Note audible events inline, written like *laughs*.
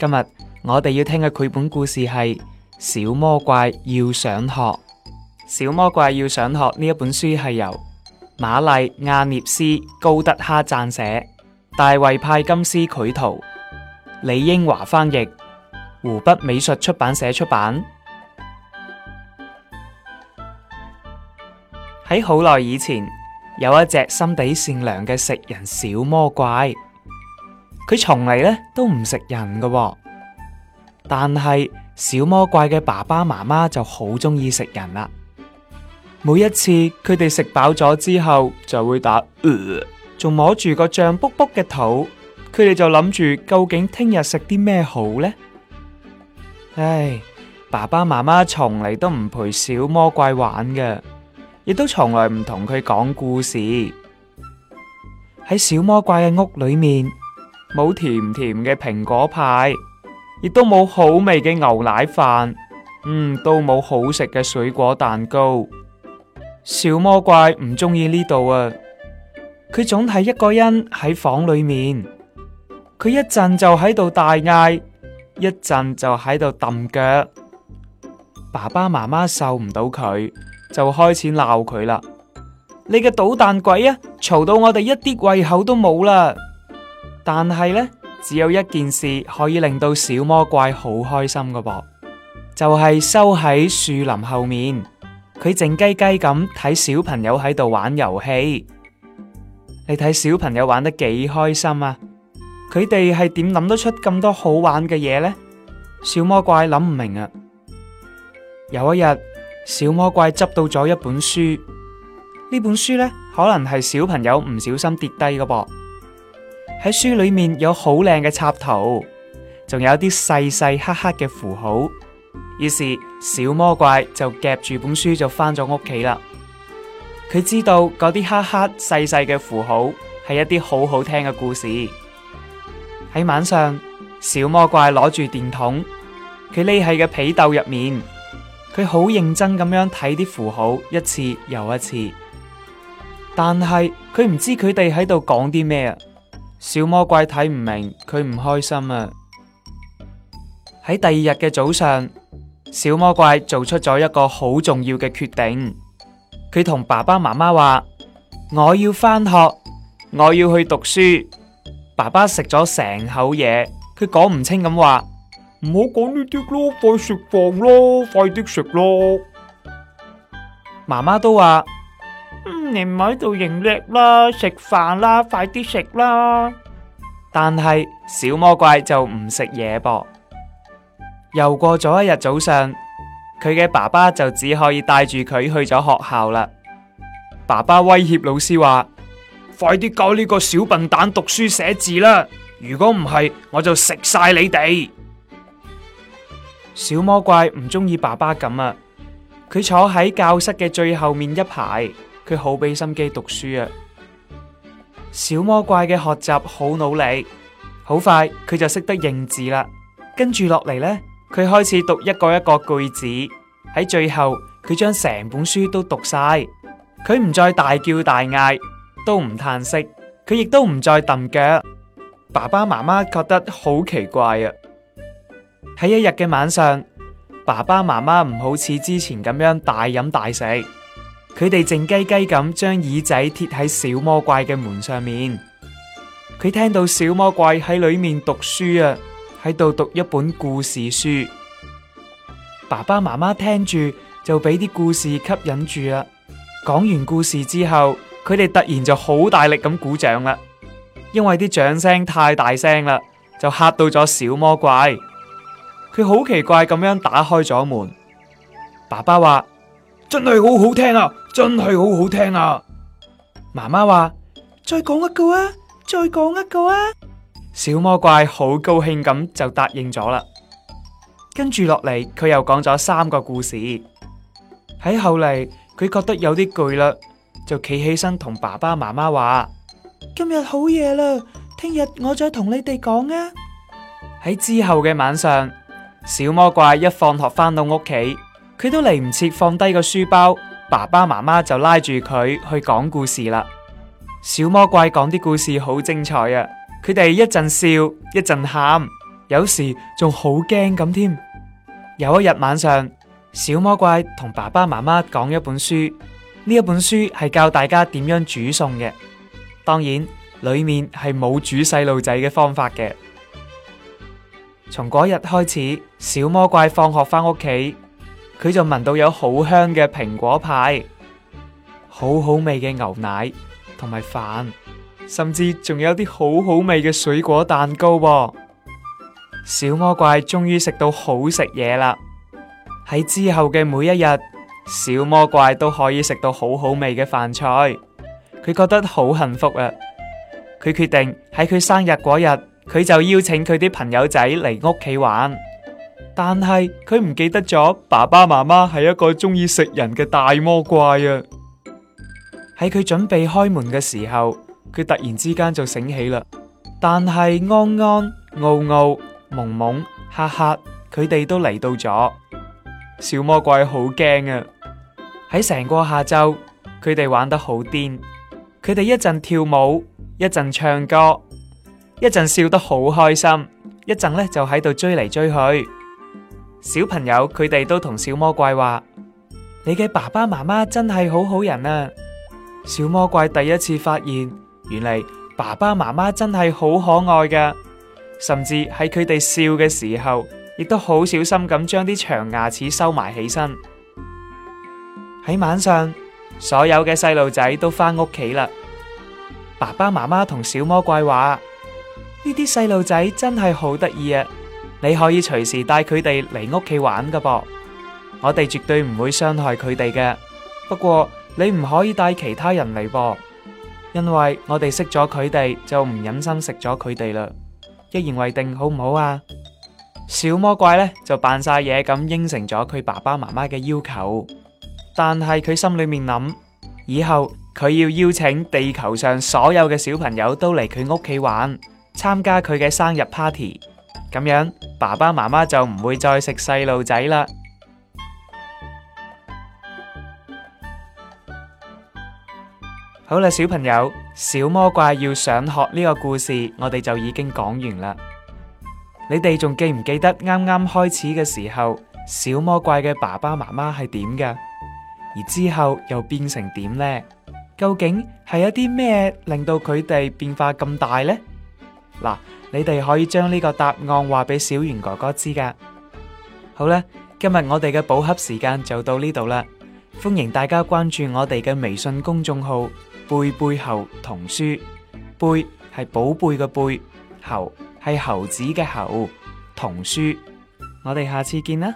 今日我哋要聽嘅繪本故事係《小魔怪要上學》。《小魔怪要上學》呢一本書係由瑪麗阿涅絲高德哈撰寫，大衛派金斯繪圖，李英華翻譯，湖北美術出版社出版。喺好耐以前，有一隻心地善良嘅食人小魔怪。佢從嚟呢都唔食人噶喎。但係小魔怪嘅爸爸媽媽就好中意食人啦。每一次佢哋食飽咗之後，就會打「呃」，仲摸住個脹卜卜嘅肚。佢哋就諗住究竟聽日食啲咩好呢？唉，爸爸媽媽從嚟都唔陪小魔怪玩嘅，亦都從來唔同佢講故事。喺小魔怪嘅屋裏面。冇甜甜嘅蘋果派，亦都冇好味嘅牛奶飯，嗯，都冇好食嘅水果蛋糕。小魔怪唔中意呢度啊！佢總係一個人喺房裏面，佢一陣就喺度大嗌，一陣就喺度揼腳。爸爸媽媽受唔到佢，就開始鬧佢啦！你個搗蛋鬼啊！嘈到我哋一啲胃口都冇啦！但係呢，只有一件事可以令到小魔怪好開心嘅噃，就係收喺樹林後面。佢靜雞雞咁睇小朋友喺度玩遊戲。你睇小朋友玩得幾開心啊！佢哋係點諗得出咁多好玩嘅嘢呢？小魔怪諗唔明啊！有一日，小魔怪執到咗一本書，呢本書呢，可能係小朋友唔小心跌低嘅噃。喺書裏面有好靚嘅插圖，仲有啲細細黑黑嘅符號。於是小魔怪就夾住本書就返咗屋企啦。佢知道嗰啲黑黑細細嘅符號係一啲好好聽嘅故事。喺晚上，小魔怪攞住電筒，佢匿喺個被竇入面，佢好認真咁樣睇啲符號一次又一次。但係佢唔知佢哋喺度講啲咩啊！小魔怪睇唔明，佢唔開心啊！喺第二日嘅早上，小魔怪做出咗一個好重要嘅決定，佢同爸爸媽媽話：我要返學，我要去讀書。爸爸食咗成口嘢，佢講唔清咁話，唔好講呢啲咯，快食飯咯，快啲食咯。媽媽都話。你唔喺度盈利啦，食飯啦，快啲食啦！但係小魔怪就唔食嘢噃。又過咗一日早上，佢嘅爸爸就只可以帶住佢去咗學校啦。爸爸威脅老師話：， *laughs* 快啲教呢個小笨蛋讀書寫字啦！如果唔係，我就食曬你哋！小魔怪唔中意爸爸咁啊，佢坐喺教室嘅最後面一排。佢好俾心機讀書啊！小魔怪嘅學習好努力，好快佢就識得認字啦。跟住落嚟咧，佢開始讀一個一個句子。喺最後，佢將成本書都讀晒。佢唔再大叫大嗌，都唔嘆息，佢亦都唔再蹬腳。爸爸媽媽覺得好奇怪啊！喺一日嘅晚上，爸爸媽媽唔好似之前咁樣大飲大食。佢哋靜雞雞咁將耳仔貼喺小魔怪嘅門上面，佢聽到小魔怪喺裏面讀書啊，喺度讀一本故事書。爸爸媽媽聽住就俾啲故事吸引住啦啊。講完故事之後，佢哋突然就好大力咁鼓掌啦，因為啲掌聲太大聲啦，就吓到咗小魔怪。佢好奇怪咁樣打開咗門。爸爸話：真係好好聽啊！真係好好聽啊！媽媽話：再講一個啊，再講一個啊！小魔怪好高興咁就答應咗啦。跟住落嚟，佢又講咗三個故事。喺後嚟，佢覺得有啲攰啦，就企起身同爸爸媽媽話：今日好夜啦，聽日我再同你哋講啊！喺之後嘅晚上，小魔怪一放學翻到屋企，佢都嚟唔切放低個書包，爸爸媽媽就拉住佢去講故事啦。小魔怪講啲故事好精彩啊！佢哋一陣笑，一陣喊，有時仲好驚咁添。有一日晚上，小魔怪同爸爸媽媽講一本書，呢一本書係教大家點樣煮餸嘅。當然，裏面係冇煮細路仔嘅方法嘅。從嗰日開始，小魔怪放學返屋企。佢就聞到有好香嘅蘋果派，好好味嘅牛奶同埋飯，甚至仲有啲好好味嘅水果蛋糕。小魔怪終於食到好食嘢啦！喺之後嘅每一日，小魔怪都可以食到好好味嘅飯菜，佢覺得好幸福啊！佢決定喺佢生日嗰日，佢就邀請佢啲朋友仔嚟屋企玩。但係佢唔記得咗，爸爸媽媽係一個中意食人嘅大魔怪啊！喺佢準備開門嘅時候，佢突然之間就醒起啦。但係安安、奧奧、蒙蒙、黑黑，佢哋都嚟到咗，小魔怪好驚啊！喺成個下晝，佢哋玩得好癲，佢哋一陣跳舞，一陣唱歌，一陣笑得好開心，一陣咧就喺度追嚟追去。小朋友佢哋都同小魔怪話：你嘅爸爸媽媽真係好好人啊！小魔怪第一次發現，原來爸爸媽媽真係好可愛噶，甚至喺佢哋笑嘅時候，亦都好小心咁將啲長牙齒收埋起身。喺晚上，所有嘅細路仔都返屋企啦。爸爸媽媽同小魔怪話：呢啲細路仔真係好得意啊！你可以隨時帶佢哋嚟屋企玩噶噃。我哋絕對唔會傷害佢哋嘅。不過你唔可以帶其他人嚟噃，因為我哋識咗佢哋就唔忍心食咗佢哋啦。一言為定，好唔好啊？小魔怪呢，就扮晒嘢，咁應承咗佢爸爸媽媽嘅要求，但係佢心裏面諗，以後佢要邀請地球上所有嘅小朋友都嚟佢屋企玩，參加佢嘅生日 party，咁樣。爸爸媽媽就唔會再食細路仔啦。好啦，小朋友，小魔怪要上學呢個故事，我哋就已經講完啦。你哋仲記唔記得啱啱開始嘅時候，小魔怪嘅爸爸媽媽係點㗎？而之後又變成點呢？究竟係有啲咩令到佢哋變化咁大呢？嗱。你哋可以將呢個答案話俾小袁哥哥知㗎。好啦，今日我哋嘅寶盒時間就到呢度啦。歡迎大家關注我哋嘅微信公眾號《貝貝猴童書》，貝係寶貝嘅貝，猴，係猴子嘅猴。童書。我哋下次見啦。